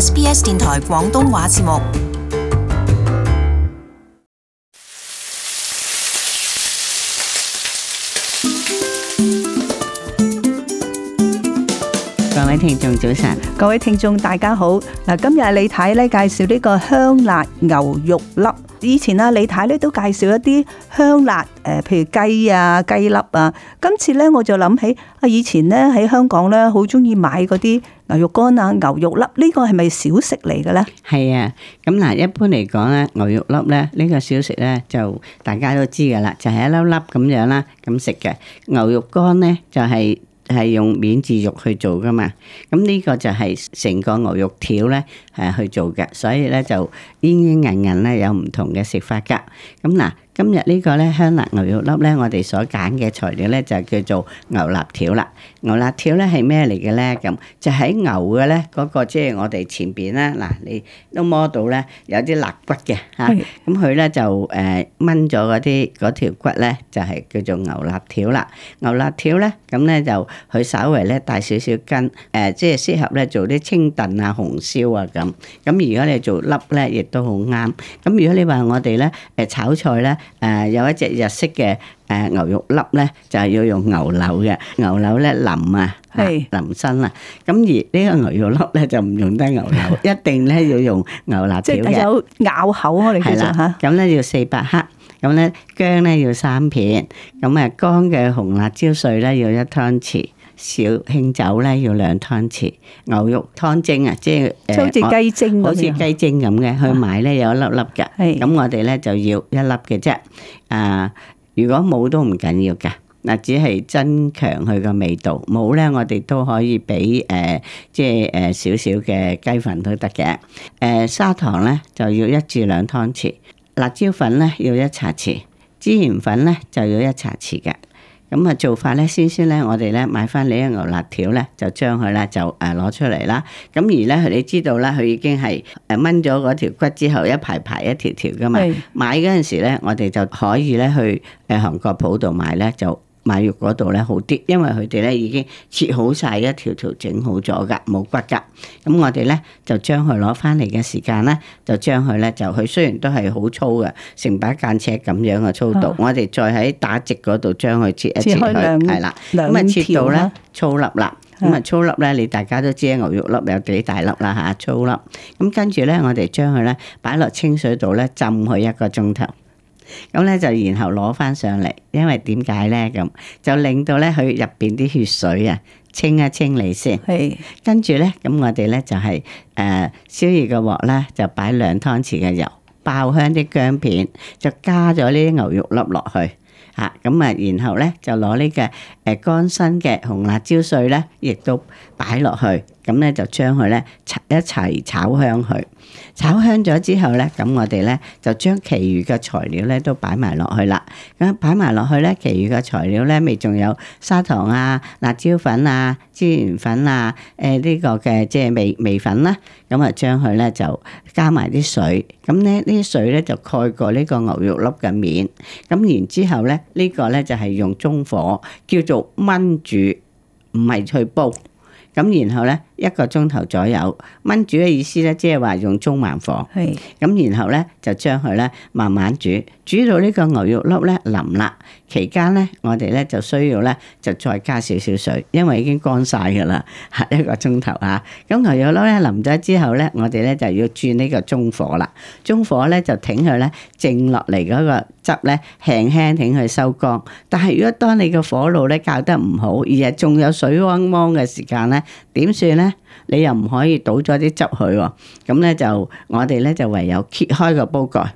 SBS 電台廣東話節目，各位聽眾早晨，各位聽眾大家好。嗱，今日李太咧介紹呢個香辣牛肉粒。以前啊，李太咧都介紹一啲香辣誒，譬如雞啊、雞粒啊。今次咧，我就諗起啊，以前咧喺香港咧，好中意買嗰啲牛肉乾啊、牛肉粒。呢個係咪小食嚟嘅咧？係啊，咁嗱，一般嚟講咧，牛肉粒咧呢個小食咧就大家都知嘅㗎啦，就係一粒粒咁樣啦，咁食嘅牛肉乾咧就係。係用免治肉去做噶嘛，咁呢個就係成個牛肉條呢、啊、去做嘅，所以呢，就煙煙韌韌呢有唔同嘅食法噶，咁、啊、嗱。今日呢個咧香辣牛肉粒咧，我哋所揀嘅材料咧就叫做牛肋條啦。牛肋條咧係咩嚟嘅咧？咁就喺牛嘅咧嗰個，即係我哋前邊啦。嗱，你都摸到咧，有啲肋骨嘅嚇。咁佢咧就誒掹咗嗰啲嗰條骨咧，就係叫做牛肋條啦。牛肋條咧，咁咧就佢稍微咧帶少少筋，誒即係適合咧做啲清燉啊、紅燒啊咁。咁如果你做粒咧，亦都好啱。咁如果你話我哋咧誒炒菜咧。誒有一隻日式嘅誒牛肉粒咧，就係、是、要用牛柳嘅牛柳咧腍啊腍是、啊、身啊。咁而呢個牛肉粒咧就唔用得牛柳， 一定咧要用牛辣椒。即係有咬口我哋叫做嚇。咁咧的、啊、要四百克，咁咧薑咧要三片，咁啊乾嘅紅辣椒碎咧要一湯匙。小慶酒咧要兩湯匙，牛肉湯精啊，即係誒，好似雞精，好似雞精咁嘅。嗯、去買咧有一粒粒嘅，咁是我哋咧就要一粒嘅啫。啊，如果冇都唔緊要噶，嗱，只係增強佢個味道。冇咧，我哋都可以俾誒，即係誒少少嘅雞粉都得嘅。誒、呃、砂糖咧就要一至兩湯匙，辣椒粉咧要一茶匙，孜然粉咧就要一茶匙嘅。咁啊做法咧，先先咧，我哋咧買翻你一牛肋條咧，就將佢咧就誒攞出嚟啦。咁而咧佢你知道啦，佢已經係誒掹咗嗰條骨之後，一排排一條條噶嘛。是買嗰陣時咧，我哋就可以咧去誒韓國鋪度買咧就。買肉嗰度咧好啲，因為佢哋咧已經切好晒，一條條整好咗嘅，冇骨嘅。咁我哋咧就將佢攞翻嚟嘅時間咧，就將佢咧就佢雖然都係好粗嘅，成把間尺咁樣嘅粗度。啊、我哋再喺打直嗰度將佢切一切，切開兩，係啦的，咁啊條切到咧粗粒啦，咁啊的粗粒咧，你大家都知牛肉粒有幾大粒啦吓，粗粒。咁跟住咧，我哋將佢咧擺落清水度咧浸佢一個鐘頭。咁咧就然後攞翻上嚟，因為點解咧咁就令到咧佢入邊啲血水啊清一清理先，是跟住咧咁我哋咧就係、是、誒、呃、燒熱個鑊咧就擺兩湯匙嘅油爆香啲薑片，就加咗呢啲牛肉粒落去。嚇咁啊！然後咧就攞呢個誒乾身嘅紅辣椒碎咧，亦都擺落去。咁咧就將佢咧一齊炒香佢。炒香咗之後咧，咁我哋咧就將其餘嘅材料咧都擺埋落去啦。咁擺埋落去咧，其餘嘅材料咧，咪仲有砂糖啊、辣椒粉啊、孜然粉啊、誒呢個嘅即係味味粉啦。咁啊，將佢咧就加埋啲水。咁咧呢啲水咧就蓋過呢個牛肉粒嘅面。咁然之後咧呢個咧就係用中火，叫做炆煮，唔係去煲。咁然後咧。一個鐘頭左右，炆煮嘅意思咧，即係話用中慢火，咁是然後咧就將佢咧慢慢煮，煮到呢個牛肉粒咧腍啦。期間咧，我哋咧就需要咧就再加少少水，因為已經乾晒㗎啦，一個鐘頭啊。咁牛肉粒咧腍咗之後咧，我哋咧就要轉呢個中火啦。中火咧就挺佢咧剩落嚟嗰個汁咧輕輕挺佢收乾。但係如果當你個火爐咧較得唔好，而係仲有水汪汪嘅時間咧，點算咧？你又唔可以倒咗啲汁去，咁咧就我哋咧就唯有揭開個煲蓋，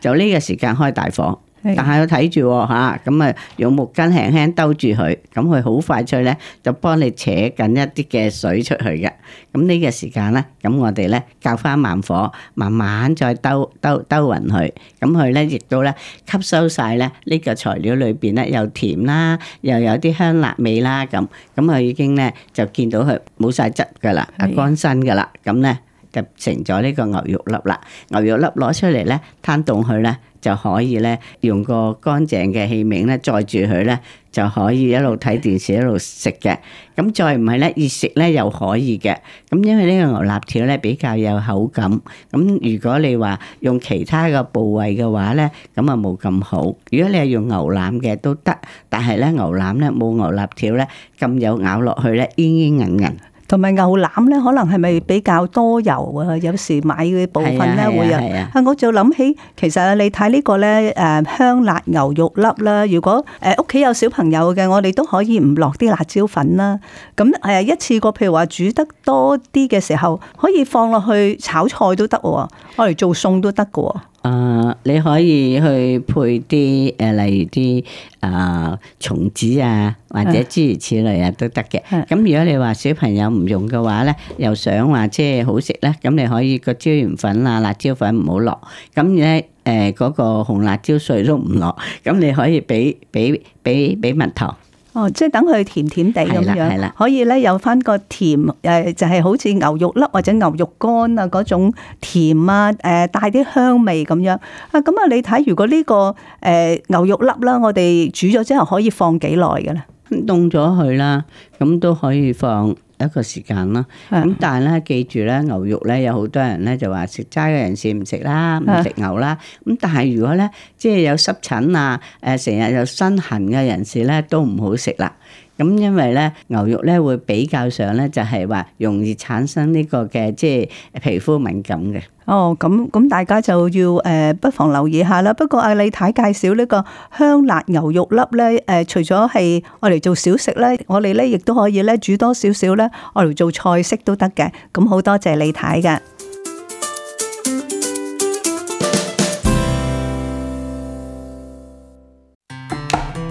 就呢個時間開大火。但係要睇住吓，咁啊、嗯、用木巾輕輕兜住佢，咁佢好快脆咧就幫你扯緊一啲嘅水出去嘅。咁、嗯、呢個時間咧，咁我哋咧校返慢火，慢慢再兜兜兜勻佢，咁佢咧亦都咧吸收晒咧呢個材料裏邊咧又甜啦，又有啲香辣味啦，咁咁佢已經咧就見到佢冇晒汁噶啦，乾的、yep. 身噶啦，咁咧就成咗呢個牛肉粒啦。牛肉粒攞出嚟咧，攤凍佢咧。就可以咧用個乾淨嘅器皿咧載住佢咧，就可以一路睇電視一路食嘅。咁再唔係咧，熱食咧又可以嘅。咁因為呢個牛肋條咧比較有口感。咁如果你話用其他嘅部位嘅話咧，咁啊冇咁好。如果你係用牛腩嘅都得，但係咧牛腩咧冇牛肋條咧咁有咬落去咧，煙煙韌韌。同埋牛腩咧，可能係咪比較多油啊？有時買嘅部分咧會有。啊，啊啊我就諗起，其實你睇呢個咧，誒香辣牛肉粒啦。如果誒屋企有小朋友嘅，我哋都可以唔落啲辣椒粉啦。咁係一次過，譬如話煮得多啲嘅時候，可以放落去炒菜都得喎，攞嚟做餸都得嘅。誒、呃，你可以去配啲誒、呃，例如啲誒、呃、松子啊，或者諸如此類啊，都得嘅。咁如果你話小朋友唔用嘅話咧，又想話即係好食咧，咁你可以個椒鹽粉啊、辣椒粉唔好落，咁咧誒嗰個紅辣椒碎都唔落，咁你可以俾俾俾俾蜜糖。哦，即係等佢甜甜地咁樣，係啦，可以咧有翻個甜誒，就係、是、好似牛肉粒或者牛肉乾啊嗰種甜啊，誒，帶啲香味咁樣啊。咁啊，你睇如果呢個誒牛肉粒啦，我哋煮咗之後可以放幾耐嘅咧？凍咗佢啦，咁都可以放。一個時間囉，咁但係咧，記住咧，牛肉咧有好多人咧就話食齋嘅人士唔食啦，唔食牛啦。咁但係如果咧，即係有濕疹啊，誒、呃、成日有身痕嘅人士咧，都唔好食啦。咁因為牛肉咧會比較上就係話容易產生呢個嘅即係皮膚敏感嘅。咁、哦、大家就要不妨留意下啦。不過阿李太介紹呢個香辣牛肉粒咧，誒，除咗係用嚟做小食咧，我哋咧亦都可以煮多少少咧，用嚟做菜式都得嘅。咁好多謝李太嘅。